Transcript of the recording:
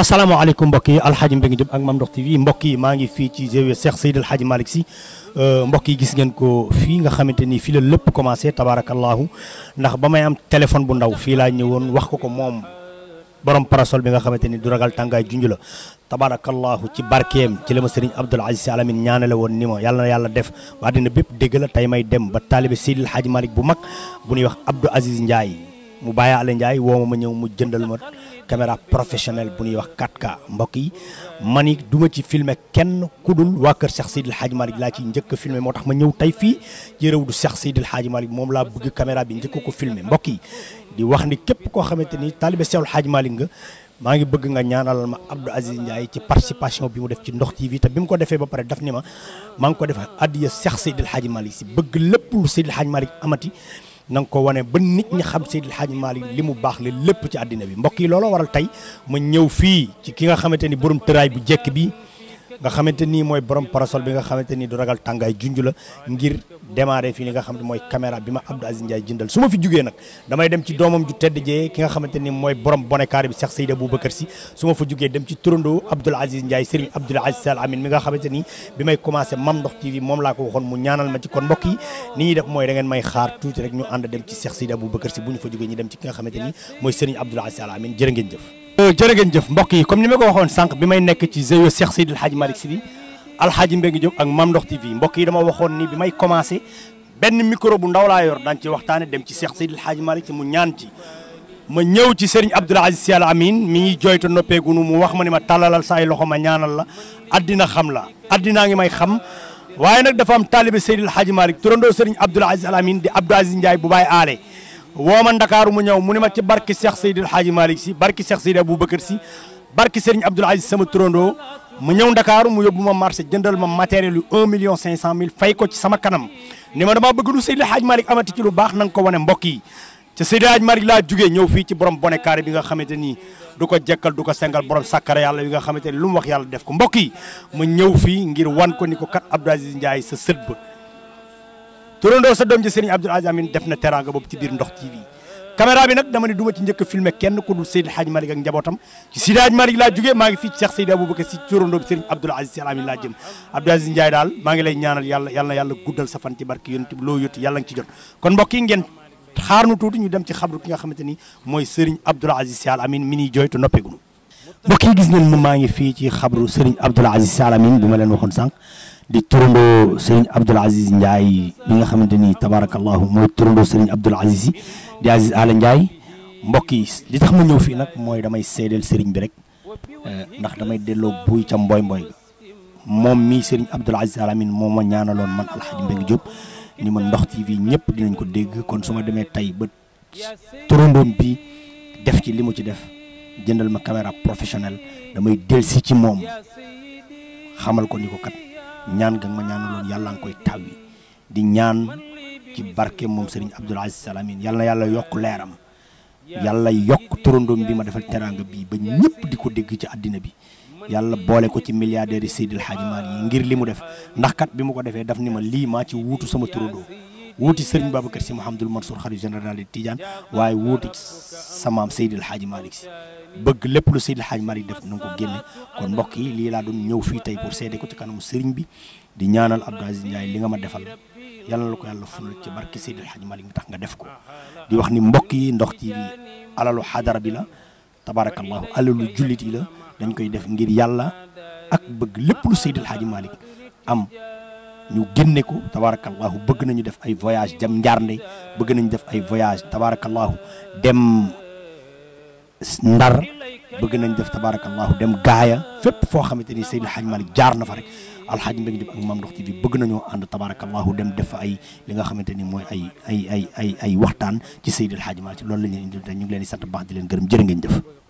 asalaamaaleykum mbokk yi alxaaji Mbengue Diop ak Mame Ndokh TV mbokk yi maa ngi fii ci GW Cheikh Seydil Hadji Malick Sy euh, mbokk yi gis ngeen ko fii nga xamante ni fii la lépp commencé tabaarakallaahu ndax ba may am téléphone bu ndaw fii laa ñëwoon wax ko ko moom borom parasol bi nga xamante ni du ragal tàngaay junj la tabaarakallaahu ci barkeem ci la ma sëriñ Abdoul Aziz Sy Al Amine ñaanale woon ni ma yàlla yàlla def ba na bépp dégg la tey may dem ba taalibe Seydil Hadji malik bu mag bu ñuy wax Abdou Aziz Ndiaye mu bàyyi Alé Ndiaye woo ma ma ñëw mu jëndal ma caméra professionnelle bu ñuy wax 4K mbokk yi man ni du ci filmer kenn ku dul waa kër Cheikh Seydil Hadji Malick laa ci njëkk a moo tax ma ñëw tey fii ci réew du Cheikh Seydil Hadji Malick moom laa bëgg caméra bi njëkk ko filmer mbokk yi di wax ni képp koo xamante ni taalibe Seexul Hadji Malick nga maa ngi bëgg nga ñaanalal ma Abdou Aziz Ndiaye ci participation bi mu def ci Ndox TV te bi mu ko defee ba pare daf ni ma maa ngi ko def addiya Cheikh Seydil Hadji Malick si bëgg lépp lu Seydil Hadji amati nanga ko wane ba nit ñi xam Seydil Hadji Malick li mu baax la lépp ci àddina bi mbokk yi looloo waral tey ma ñëw fii ci ki nga xamante ni borom tëraay bu jekk bi nga xamante nii mooy borom parasol bi nga xamante nii du ragal tàngaay junj la ngir démarrer fii li nga xam mooy caméra bi ma Abdou Aziz Ndiaye jëndal su ma fi jugee nag damay dem ci doomam ju tedd jee ki nga xamante ni mooy borom bonekaar bi Cheikh Seydi Aboubacar Sy su ma fa jugee ci turandoo Abdoul Aziz Ndiaye nga xamante nii bi may commencé Mame Ndokh TV moom laa ko waxoon mu ñaanal ma ci kon mbokk yi ni ñuy def mooy da ngeen may xaar tuuti rek ñu ànd dem ci Cheikh Seydi Aboubacar Sy bu ñu fa jugee ñu dem ci ki nga xamante mooy Serigne Abdoul ngeen jëf jërë ngeen jëf mbokk yi comme ni ma ko waxoon sànq bi may nekk ci GIE Cheikh Seydil Hadj Malick Sy Alxaaji Mbengue Diop ak Mame Ndokh TV mbokk yi dama waxoon ni bi may commencé benn micro bu ndaw laa yor daan ci waxtaane dem ci Cheikh Seydil Hadj Malick Sy mu ñaan ci ma ñëw ci Serigne Abdoul Aziz Sy Al mi ngi jooytu noppeegunu mu wax ma ne ma tàllalal sa ay loxo ma ñaanal la addina xam la addinaa ngi may xam waaye nag dafa am taalibe Seydil Hadj Malick turandoo Serigne Abdoul Aziz Al Amine di Abdoul Aziz Ndiaye bu baay aale woo ma Ndakaaru mu ñëw mu ne ma ci barki Cheikh Seydil Hadji Malick si barki Cheikh Seydi Aboubacar si barki Serigne Abdoul Aziz sama turandoo mu ñëw Ndakaaru mu yóbbu ma marché jëndal ma matériel yu 1 million 500 mille fay ko ci sama kanam ni ma damaa bëgg lu Seydil Hadji Malick amati ci lu baax na nga ko wane mbokk yi ci Seydil Hadji Malick laa jugee ñëw fii ci borom bone carré bi nga xamante ni du ko jekkal du ko sengal borom sàkkara yàlla bi nga xamante ni lu mu wax yàlla def ko mbokk yi mu ñëw fii ngir wan ko ni ko kat Abdoul Aziz Ndiaye sa sët ba turandoo sa doom ji Serigne Abdoul Aziz Amine def na teraanga boobu ci biir Ndox TV caméra bi nag dama ne du ma ci njëkk a filmé kenn ku dul Seydi Hadj Malick ak njabootam ci Seydi Hadj Malick laa jugee maa ngi fii ci Cheikh Seydi Aboubacar si turandoo Serigne Abdoul ngi lay ñaanal yàlla yàlla yàlla guddal sa fan ci barke yonent bi loo yóti yàlla nga ci jot kon mbokk yi ngeen xaar nu tuuti ñu dem ci xabru ki nga xamante ni mooy Serigne Abdoul Aziz Sy Al Amine mi niy jooytu noppeegunu mbokk yi gis ngeen ma maa ngi fii ci xabru Serigne Abdoul Aziz Sy Al Amine bi leen waxoon sànq di turandoo sëriñ Abdoul Aziz Ndiaye bi nga xamante ni tabarakallahu mooy turandoo sëriñ Abdoul Aziz di Aziz Ala Ndiaye mbokk yi li tax ma ñëw fii nag mooy damay seedeel sëriñ bi rek eh, ndax damay delloo buy ca mbooy mbooy moom mii sëriñ Abdoul Aziz Al Amine moom ma ñaanaloon man Alxaaji Mbeng Diop ni ma Ndox TV ñëpp dinañ ko dégg kon su ma demee tey ba turandoom bi def ci li mu ci def jëndal ma caméra professionnelle damay delsi ci moom xamal ko ni ko kat ñaan ga ma ñaanaloon yàlla nga koy taw di ñaan ci barke moom Serigne Abdoul Aziz Salamine yàlla yàlla yokk leeram yàlla yokk turandoom bi ma defal teraanga bii ba ñëpp di ko dégg ci àddina bi yàlla boole ko ci milliardaires yi Seydil Hadji yi ngir li mu def ndax kat bi ma ko defee daf ni ma lii maa ci wuutu sama turandoo wuuti sëriñ Babacar si Mouhamadul Mansour xarit général de Tidiane waaye wuuti samaam Seydil Hadji Malick si bëgg lépp lu Seydil Hadji Malick def na nga ko génne kon mbokk yi lii laa doon ñëw fii tey pour seede ko ci kanamu sëriñ bi di ñaanal Abdou Aziz Ndiaye li nga ma defal yàlla na la ko yàlla funal ci barki Seydil Hadji Malick tax nga def ko di wax ni mbokk yi ndox ci alalu xadara bi la tabarakallahu alalu jullit yi la dañ koy def ngir yàlla ak bëgg lépp lu Seydil Hadji Malick am ñu génne ko tabaarakallaahu bëgg nañu def ay voyage dem Njaarnde bëgg nañu def ay voyage tabaarakallaahu dem Ndar bëgg nañ def tabaarakallaahu dem Gaaya fépp foo xamante ni Seydil Hadj Malick jaar na fa rek alxaaj Mbeng Jóob ak Maam Ndox bëgg nañoo ànd tabaarakallaahu dem def fa ay li nga xamante ni mooy ay ay ay ay ay waxtaan ci Seydil Hadj Malick ci loolu la ñu indi ñu ngi di baax di leen gërëm jërë ngeen jëf